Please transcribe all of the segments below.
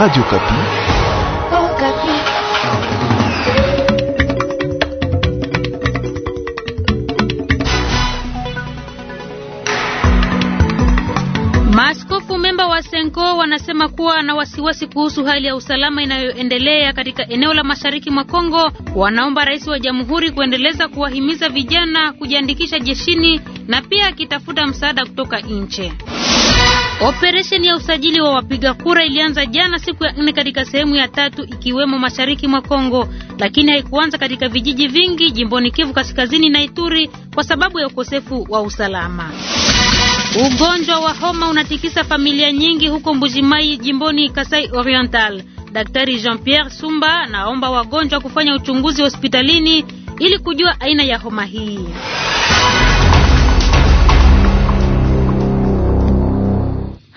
Radio Kapi. Oh, Kapi. Maaskofu memba wa Senko wanasema kuwa na wasiwasi kuhusu hali ya usalama inayoendelea katika eneo la mashariki mwa Kongo. Wanaomba rais wa jamhuri kuendeleza kuwahimiza vijana kujiandikisha jeshini na pia akitafuta msaada kutoka nje. Operesheni ya usajili wa wapiga kura ilianza jana siku ya nne katika sehemu ya tatu ikiwemo mashariki mwa Kongo, lakini haikuanza katika vijiji vingi jimboni Kivu Kaskazini na Ituri kwa sababu ya ukosefu wa usalama. Ugonjwa wa homa unatikisa familia nyingi huko Mbujimai jimboni Kasai Oriental. Daktari Jean-Pierre Sumba naomba wagonjwa kufanya uchunguzi hospitalini ili kujua aina ya homa hii.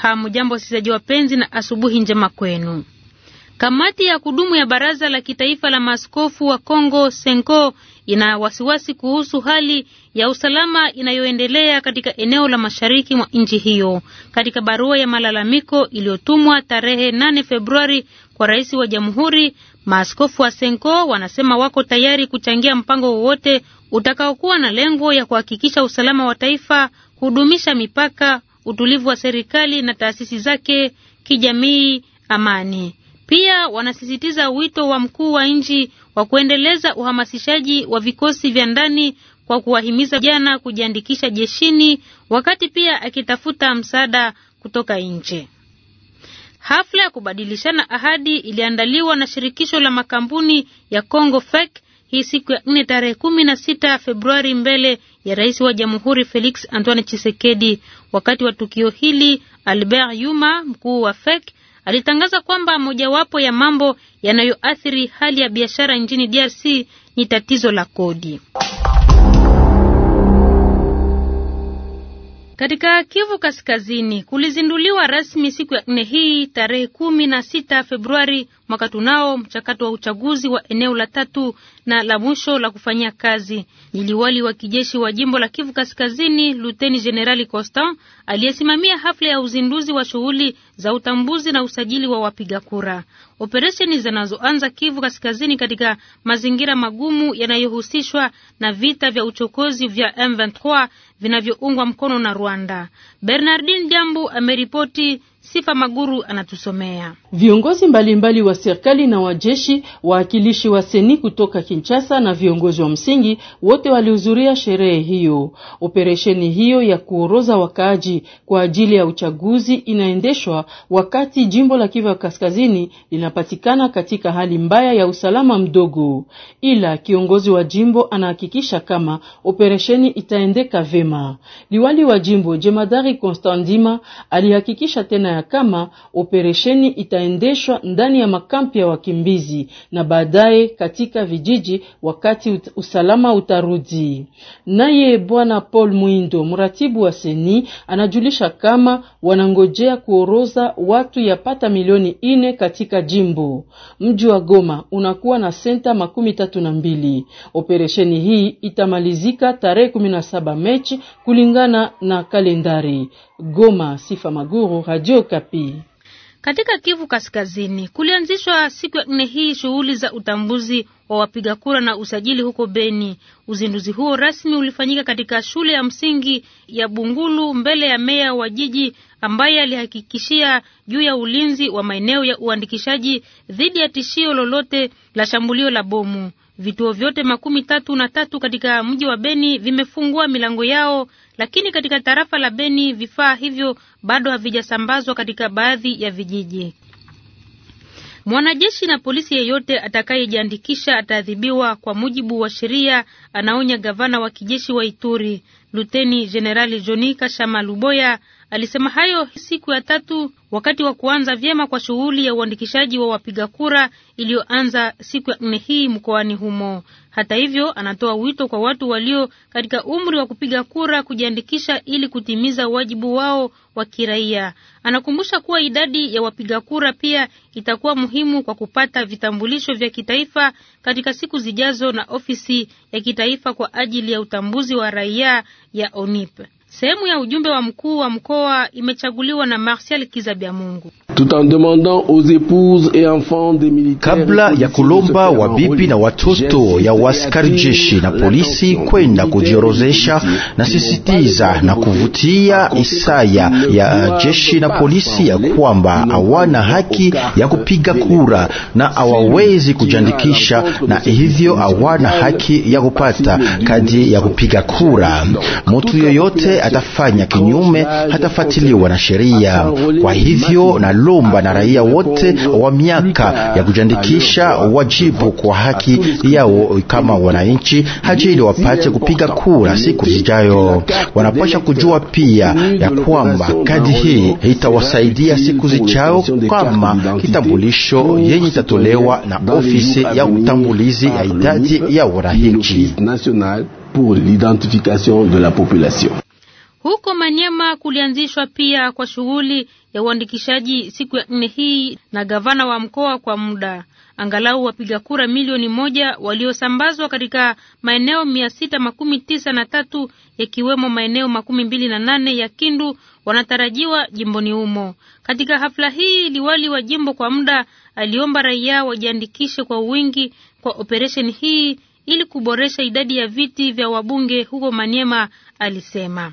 Hamjambo wasikilizaji wapenzi, na asubuhi njema kwenu. Kamati ya kudumu ya Baraza la Kitaifa la Maaskofu wa Kongo Senko ina wasiwasi kuhusu hali ya usalama inayoendelea katika eneo la mashariki mwa nchi hiyo. Katika barua ya malalamiko iliyotumwa tarehe 8 Februari kwa rais wa jamhuri, maaskofu wa Senko wanasema wako tayari kuchangia mpango wowote utakaokuwa na lengo ya kuhakikisha usalama wa taifa, kudumisha mipaka, utulivu wa serikali na taasisi zake, kijamii, amani. Pia wanasisitiza wito wa mkuu wa nchi wa kuendeleza uhamasishaji wa vikosi vya ndani kwa kuwahimiza jana kujiandikisha jeshini, wakati pia akitafuta msaada kutoka nje. Hafla ya kubadilishana ahadi iliandaliwa na shirikisho la makampuni ya Congo FEC hii siku ya nne tarehe kumi na sita Februari mbele ya rais wa jamhuri Felix Antoine Chisekedi. Wakati wa tukio hili, Albert Yuma, mkuu wa FEC, alitangaza kwamba mojawapo ya mambo yanayoathiri hali ya biashara nchini DRC ni tatizo la kodi. Katika Kivu Kaskazini kulizinduliwa rasmi siku ya nne hii tarehe kumi na sita Februari mwaka tunao mchakato wa uchaguzi wa eneo la tatu na la mwisho la kufanyia kazi. Niliwali wa kijeshi wa jimbo la Kivu Kaskazini Luteni Jenerali Constant aliyesimamia hafla ya uzinduzi wa shughuli za utambuzi na usajili wa wapiga kura, operesheni zinazoanza Kivu Kaskazini katika mazingira magumu yanayohusishwa na vita vya uchokozi vya M23 vinavyoungwa mkono na Rwanda. Bernardin Jambu ameripoti Sifa Maguru anatusomea. Viongozi mbalimbali wa serikali na wajeshi, waakilishi wa seni kutoka Kinshasa na viongozi wa msingi wote walihudhuria sherehe hiyo. Operesheni hiyo ya kuoroza wakaaji kwa ajili ya uchaguzi inaendeshwa wakati jimbo la Kivu Kaskazini linapatikana katika hali mbaya ya usalama mdogo, ila kiongozi wa jimbo anahakikisha kama operesheni itaendeka vema. Liwali wa jimbo jemadari Konstantima alihakikisha tena ya kama operesheni itaendeshwa ndani ya makampi ya wakimbizi na baadaye katika vijiji wakati usalama utarudi. Naye bwana Paul Mwindo, mratibu wa Seni, anajulisha kama wanangojea kuoroza watu yapata milioni ine katika jimbo. Mji wa Goma unakuwa na senta makumi tatu na mbili. Operesheni hii itamalizika tarehe 17 Mechi kulingana na kalendari. Goma, Sifa Maguru, Radio Kapi. Katika Kivu Kaskazini kulianzishwa siku ya nne hii shughuli za utambuzi wa wapiga kura na usajili huko Beni. Uzinduzi huo rasmi ulifanyika katika shule ya msingi ya Bungulu mbele ya meya wa jiji ambaye alihakikishia juu ya ulinzi wa maeneo ya uandikishaji dhidi ya tishio lolote la shambulio la bomu. Vituo vyote makumi tatu na tatu katika mji wa Beni vimefungua milango yao, lakini katika tarafa la Beni vifaa hivyo bado havijasambazwa katika baadhi ya vijiji. Mwanajeshi na polisi yeyote atakayejiandikisha ataadhibiwa kwa mujibu wa sheria, anaonya gavana wa kijeshi wa Ituri, Luteni Jenerali Joni Kashama Luboya. Alisema hayo siku ya tatu wakati wa kuanza vyema kwa shughuli ya uandikishaji wa wapiga kura iliyoanza siku ya nne hii mkoani humo. Hata hivyo, anatoa wito kwa watu walio katika umri wa kupiga kura kujiandikisha ili kutimiza wajibu wao wa kiraia. Anakumbusha kuwa idadi ya wapiga kura pia itakuwa muhimu kwa kupata vitambulisho vya kitaifa katika siku zijazo na ofisi ya kitaifa kwa ajili ya utambuzi wa raia ya ONIP. Sehemu ya ujumbe wa mkuu wa mkoa imechaguliwa na Martial Kiza Mungu kabla ya kulomba wabibi na watoto ya waskari jeshi na polisi kwenda kujiorozesha, na sisitiza na kuvutia Isaya ya jeshi na polisi ya kwamba hawana haki ya kupiga kura na hawawezi kujiandikisha, na hivyo hawana haki ya kupata kadi ya kupiga kura. Mtu yoyote atafanya kinyume hatafatiliwa na sheria. Kwa hivyo na kulomba na raia wote wa miaka ya kujiandikisha wajibu kwa haki yao kama wananchi, hajili wapate kupiga kura siku zijayo. Wanapasha kujua pia ya kwamba kadi hii itawasaidia siku zijayo kama kitambulisho yenye itatolewa na ofisi ya utambulizi ya idadi ya wananchi. Huko Manyema kulianzishwa pia kwa shughuli ya uandikishaji siku ya nne hii na gavana wa mkoa kwa muda. Angalau wapiga kura milioni moja waliosambazwa katika maeneo mia sita makumi tisa na tatu yakiwemo maeneo makumi mbili na nane ya Kindu wanatarajiwa jimboni humo. Katika hafla hii, liwali wa jimbo kwa muda aliomba raia wajiandikishe kwa wingi kwa operesheni hii ili kuboresha idadi ya viti vya wabunge huko Manyema, alisema.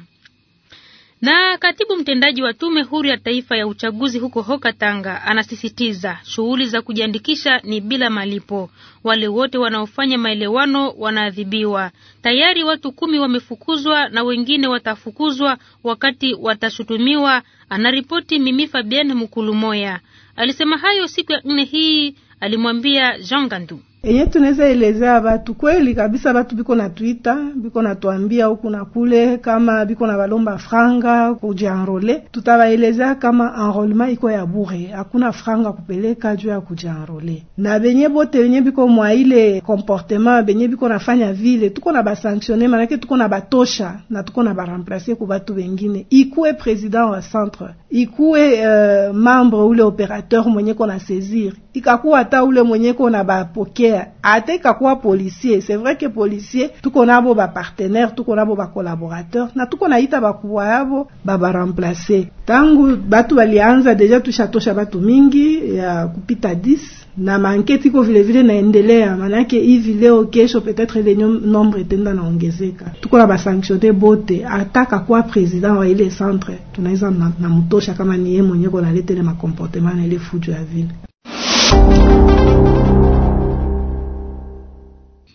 Na katibu mtendaji wa tume huru ya taifa ya uchaguzi huko Hoka Tanga anasisitiza shughuli za kujiandikisha ni bila malipo. Wale wote wanaofanya maelewano wanaadhibiwa. Tayari watu kumi wamefukuzwa na wengine watafukuzwa wakati watashutumiwa, anaripoti Mimi Fabian Mukulumoya. Alisema hayo siku ya nne hii, alimwambia Jean Gandu. Enye eh, tunaweza elezea batu kweli kabisa, batu biko na twita biko na twambia huku na kule, kama biko na balomba franga kujianrole, tutabaelezea kama enrolema iko ya bure, hakuna franga kupeleka juu ya kujianrole. Na benye bote benye biko mwa ile comportement benye biko nafanya vile, tuko na basanctione, manake tuko na batosha na tuko na baremplace ku batu bengine, ikuwe president wa centre, ikuwe uh, membre ule operateur mwenye kona saisir ikakuwa ata ule mwenyeko na bapokea ata ikakuwa policier c'est vrai que policier tuko nabo bapartenaire tuko nabo bacolaborateur na tuko naita bakuwa yabo babaremplace tangu batu balianza deja tushatosha batu mingi ya kupita 10 na manketi iko vilevile naendelea manake hivi leo kesho peut-être ile nombre itenda naongezeka tuko na basanctionne bote ataka kwa president wa ile centre tunaweza namtosha na kama ni ye mwenyeko naletele makomportema na ile fujo ya vile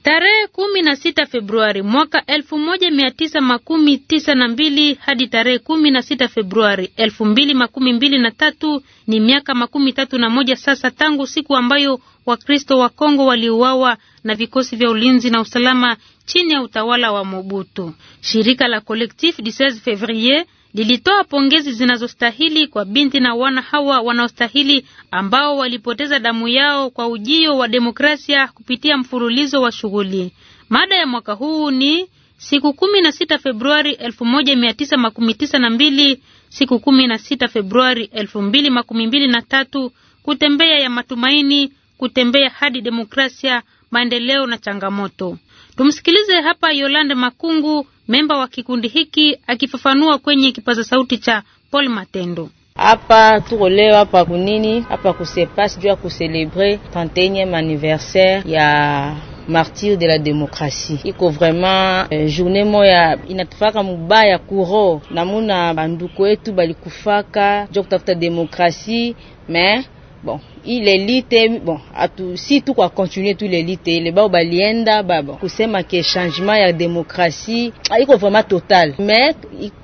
Tarehe kumi na sita Februari mwaka elfu moja mia tisa makumi tisa na mbili hadi tarehe kumi na sita Februari elfu mbili makumi mbili na tatu ni miaka makumi tatu na moja sasa tangu siku ambayo Wakristo wa Kongo waliuawa na vikosi vya ulinzi na usalama chini ya utawala wa Mobutu. Shirika la Collectif du 16 Fevrier lilitoa pongezi zinazostahili kwa binti na wana hawa wanaostahili ambao walipoteza damu yao kwa ujio wa demokrasia kupitia mfululizo wa shughuli. Mada ya mwaka huu ni siku kumi na sita Februari 1992, siku 16 Februari 2023, kutembea ya matumaini, kutembea hadi demokrasia, maendeleo na changamoto. Tumsikilize hapa Yolande Makungu, memba wa kikundi hiki, akifafanua kwenye kipaza sauti cha Paul Matendo. Hapa tuko leo hapa kunini? Hapa kusepa sijuu ya kuselebre 31 anniversaire ya martyr de la demokrasie iko vraiment eh, journée moya inatufaka mubaya kuro namuna banduko yetu balikufaka jo kutafuta demokrasie mais bon ile lite bon atu, si tu kwa continue tu ile lite ile bao balienda baba kusema ke changement ya demokrasi iko vraiment total mais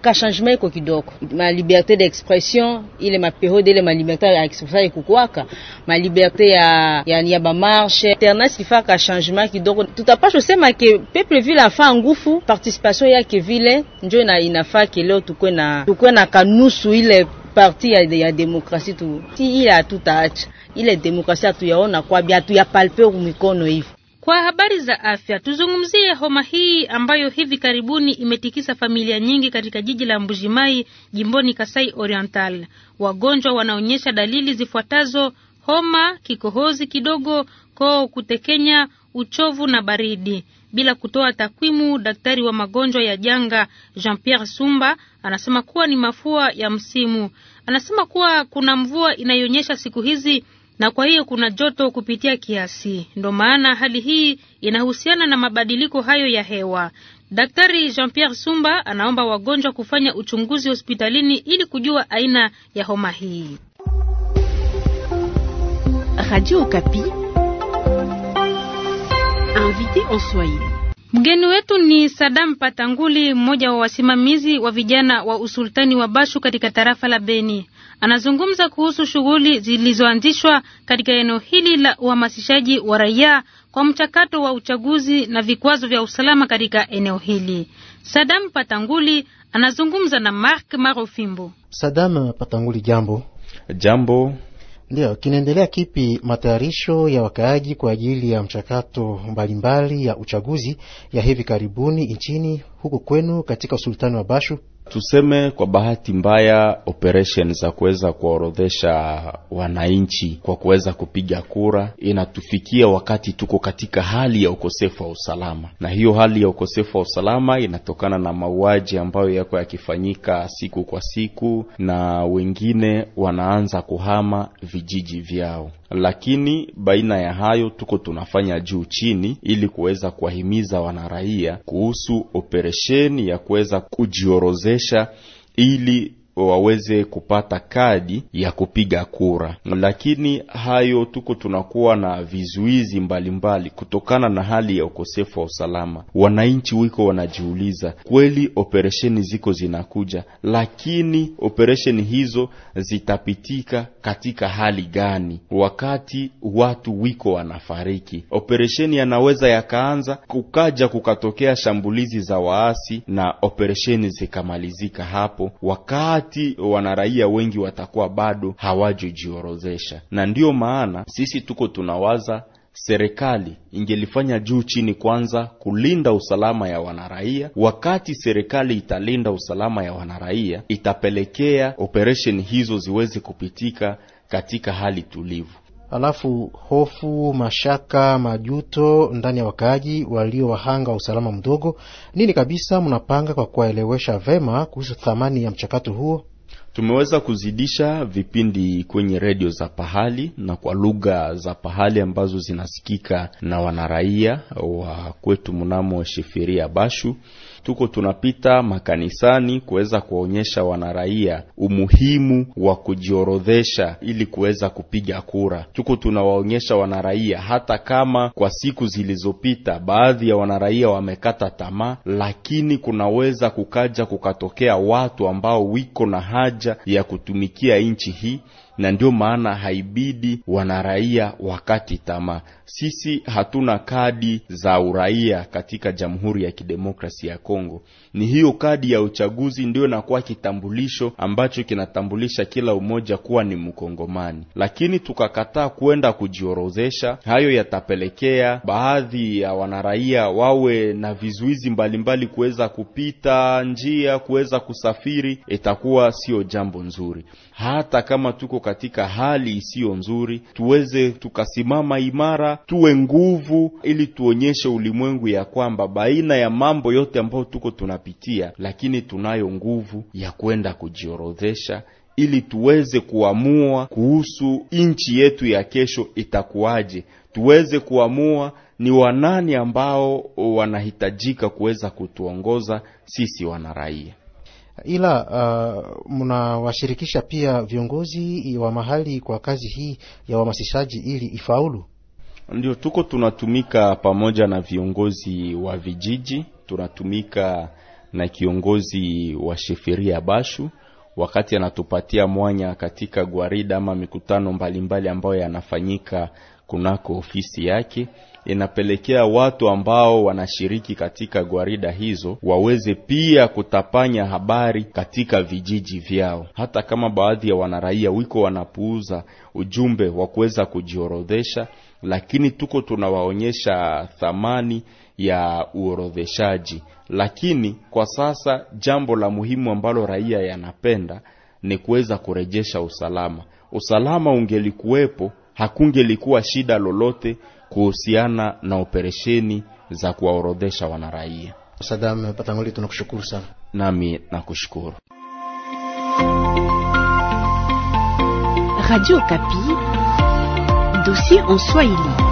ka changement iko kidogo, ma liberté d'expression ile ma période ile ma liberté ya expression ikukwaka ma liberté ya ya, ya ba marche internet sifa ka changement kidogo, tutapasha sema ke peuple vile afa ngufu participation yake vile njo na inafaa ke leo tukwe na tukwe na kanusu ile parti ya, ya demokrasi tu si ile atutaacha ile demokrasia hatuyaona kwabi, hatuyapalpe mikono hivi. Kwa habari za afya, tuzungumzie homa hii ambayo hivi karibuni imetikisa familia nyingi katika jiji la Mbujimai jimboni Kasai Oriental. Wagonjwa wanaonyesha dalili zifuatazo: homa, kikohozi kidogo, koo kutekenya, uchovu na baridi. Bila kutoa takwimu, daktari wa magonjwa ya janga Jean-Pierre Sumba anasema kuwa ni mafua ya msimu. Anasema kuwa kuna mvua inayonyesha siku hizi na kwa hiyo kuna joto kupitia kiasi. Ndo maana hali hii inahusiana na mabadiliko hayo ya hewa. Daktari Jean-Pierre Sumba anaomba wagonjwa kufanya uchunguzi hospitalini ili kujua aina ya homa hii. Radio Okapi, invité en Swahili. Mgeni wetu ni Sadam Patanguli, mmoja wa wasimamizi wa vijana wa usultani wa Bashu katika tarafa la Beni. Anazungumza kuhusu shughuli zilizoanzishwa katika eneo hili la uhamasishaji wa raia kwa mchakato wa uchaguzi na vikwazo vya usalama katika eneo hili. Sadam Patanguli anazungumza na Mark Marofimbo. Sadam Patanguli, jambo. Jambo. Ndiyo, kinaendelea kipi matayarisho ya wakaaji kwa ajili ya mchakato mbalimbali ya uchaguzi ya hivi karibuni nchini huku kwenu katika usultani wa Bashu? Tuseme kwa bahati mbaya, operation za kuweza kuwaorodhesha wananchi kwa kuweza kupiga kura inatufikia wakati tuko katika hali ya ukosefu wa usalama, na hiyo hali ya ukosefu wa usalama inatokana na mauaji ambayo yako yakifanyika siku kwa siku, na wengine wanaanza kuhama vijiji vyao. Lakini baina ya hayo, tuko tunafanya juu chini ili kuweza kuwahimiza wanaraia kuhusu operesheni ya kuweza kujiorozesha kuboresha ili waweze kupata kadi ya kupiga kura, lakini hayo tuko tunakuwa na vizuizi mbalimbali mbali, kutokana na hali ya ukosefu wa usalama. Wananchi wiko wanajiuliza kweli, operesheni ziko zinakuja, lakini operesheni hizo zitapitika katika hali gani, wakati watu wiko wanafariki? Operesheni yanaweza yakaanza kukaja kukatokea shambulizi za waasi na operesheni zikamalizika hapo wakati wakati wanaraia wengi watakuwa bado hawajojiorozesha, na ndiyo maana sisi tuko tunawaza serikali ingelifanya juu chini kwanza kulinda usalama ya wanaraia. Wakati serikali italinda usalama ya wanaraia, itapelekea operesheni hizo ziweze kupitika katika hali tulivu alafu hofu, mashaka, majuto ndani ya wakaaji walio wahanga wa usalama mdogo. Nini kabisa mnapanga kwa kuwaelewesha vema kuhusu thamani ya mchakato huo? Tumeweza kuzidisha vipindi kwenye redio za pahali na kwa lugha za pahali ambazo zinasikika na wanaraia wa kwetu mnamo Shifiria Bashu. Tuko tunapita makanisani kuweza kuwaonyesha wanaraia umuhimu wa kujiorodhesha ili kuweza kupiga kura. Tuko tunawaonyesha wanaraia, hata kama kwa siku zilizopita baadhi ya wanaraia wamekata tamaa, lakini kunaweza kukaja kukatokea watu ambao wiko na haja moja ya kutumikia nchi hii na ndio maana haibidi wanaraia wakati tamaa. Sisi hatuna kadi za uraia katika Jamhuri ya kidemokrasi ya Kongo. Ni hiyo kadi ya uchaguzi ndio inakuwa kitambulisho ambacho kinatambulisha kila umoja kuwa ni Mkongomani, lakini tukakataa kwenda kujiorozesha. Hayo yatapelekea baadhi ya wanaraia wawe na vizuizi mbalimbali kuweza kupita njia, kuweza kusafiri. Itakuwa sio jambo nzuri, hata kama tuko katika hali isiyo nzuri, tuweze tukasimama imara, tuwe nguvu, ili tuonyeshe ulimwengu ya kwamba baina ya mambo yote ambayo tuko tunapitia, lakini tunayo nguvu ya kwenda kujiorodhesha ili tuweze kuamua kuhusu nchi yetu ya kesho itakuwaje, tuweze kuamua ni wanani ambao wanahitajika kuweza kutuongoza sisi wanaraia ila uh, mnawashirikisha pia viongozi wa mahali kwa kazi hii ya uhamasishaji ili ifaulu? Ndio, tuko tunatumika pamoja na viongozi wa vijiji, tunatumika na kiongozi wa sheferia Bashu wakati anatupatia mwanya katika gwarida ama mikutano mbalimbali ambayo yanafanyika kunako ofisi yake inapelekea watu ambao wanashiriki katika gwarida hizo waweze pia kutapanya habari katika vijiji vyao, hata kama baadhi ya wanaraia wiko wanapuuza ujumbe wa kuweza kujiorodhesha, lakini tuko tunawaonyesha thamani ya uorodheshaji. Lakini kwa sasa jambo la muhimu ambalo raia yanapenda ni kuweza kurejesha usalama. Usalama ungelikuwepo hakungelikuwa shida lolote kuhusiana na operesheni za kuwaorodhesha wanaraia. Sadam Patanguli, tunakushukuru sana. Nami nakushukuru. Radio Kapi, dossier en Swahili.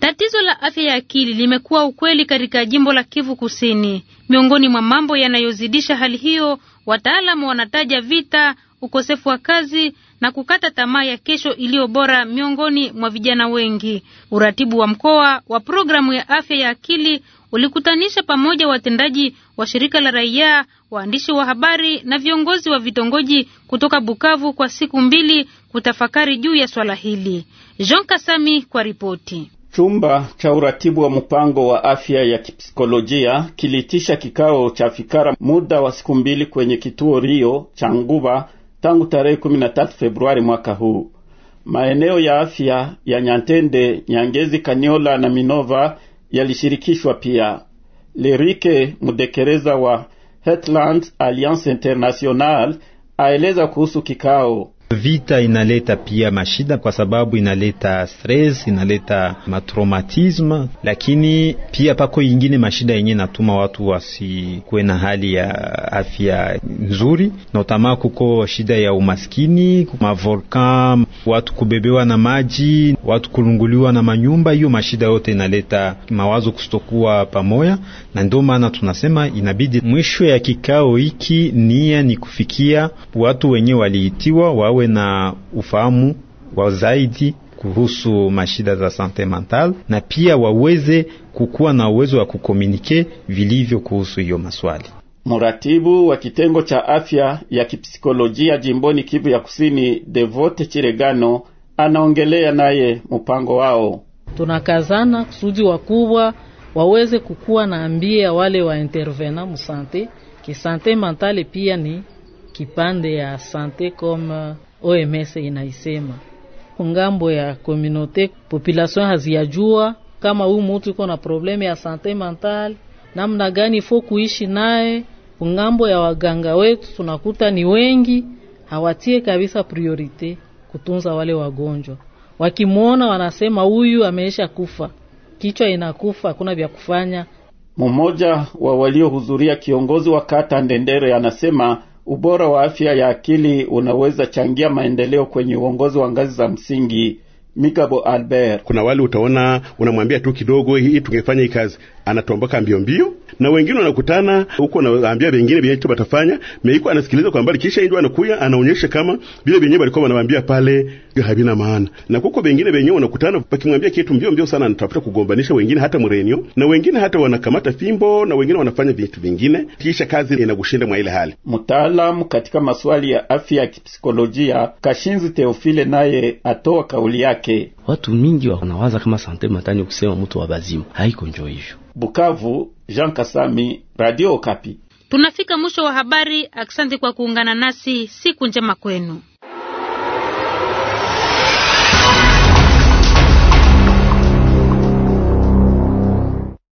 Tatizo la afya ya akili limekuwa ukweli katika jimbo la Kivu Kusini. Miongoni mwa mambo yanayozidisha hali hiyo, wataalamu wanataja vita, ukosefu wa kazi na kukata tamaa ya kesho iliyo bora miongoni mwa vijana wengi. Uratibu wa mkoa wa programu ya afya ya akili ulikutanisha pamoja watendaji wa shirika la raia, waandishi wa habari na viongozi wa vitongoji kutoka Bukavu kwa siku mbili kutafakari juu ya swala hili. Jean Kasami kwa ripoti. Chumba cha uratibu wa mpango wa afya ya kipsikolojia kiliitisha kikao cha fikara muda wa siku mbili kwenye kituo Rio cha Nguba tangu tarehe 13 Februari mwaka huu. Maeneo ya afya ya Nyantende, Nyangezi, kaniola na Minova yalishirikishwa pia. Lerike Mudekereza wa Heartland Alliance International aeleza kuhusu kikao. Vita inaleta pia mashida kwa sababu inaleta stress, inaleta matraumatisme, lakini pia pako ingine mashida yenye natuma watu wasikuwe na hali ya afya nzuri, notama kuko shida ya umaskini, mavolkan, watu kubebewa na maji, watu kulunguliwa na manyumba. Hiyo mashida yote inaleta mawazo kustokuwa pamoya na ndio maana tunasema inabidi mwisho ya kikao hiki nia ni kufikia watu wenye waliitiwa wawe wawe na ufahamu wa zaidi kuhusu mashida za sante mental na pia waweze kukuwa na uwezo wa kukomunike vilivyo kuhusu hiyo maswali. Mratibu wa kitengo cha afya ya kipsikolojia jimboni Kivu ya Kusini, Devote Chiregano, anaongelea naye mpango wao. Tunakazana kusudi wakubwa waweze kukuwa na ambia wale wa intervena musante, ki sante mentale pia ni kipande ya sante comme OMS inaisema ngambo ya communauté population haziyajua kama huyu mutu iko na probleme ya sante mentale, namna gani fo kuishi naye. Ngambo ya waganga wetu tunakuta ni wengi hawatie kabisa priorite kutunza wale wagonjwa. Wakimwona wanasema huyu ameisha kufa, kichwa inakufa, hakuna vya kufanya. Mmoja wa waliohudhuria, kiongozi wa kata Ndendere, anasema ubora wa afya ya akili unaweza changia maendeleo kwenye uongozi wa ngazi za msingi. Mikabo Albert. Kuna wale utaona unamwambia tu kidogo, hii tungefanya hii kazi, anatomboka mbio mbio, na wengine wanakutana huko, naambia wengine vile batafanya meiko, anasikiliza kwa mbali, kisha ndio anakuya anaonyesha kama vile vyenyewe walikuwa wanawaambia pale havina maana. Na kuko wengine wenyewe wanakutana wakimwambia kitu mbio mbio sana, anatafuta kugombanisha wengine hata mrenio, na wengine hata wanakamata fimbo, na wengine wanafanya vitu vingine, kisha kazi inakushinda mwa ile hali. Mtaalamu katika maswali ya afya ya kipsikolojia Kashinzi Teofile naye atoa kauli yake yake. Watu mingi wanawaza kama sante matani kusema mtu wa bazimu, haiko njo hivyo. Bukavu, Jean Kasami, Radio Kapi. Tunafika mwisho wa habari. Asante kwa kuungana nasi, siku njema kwenu.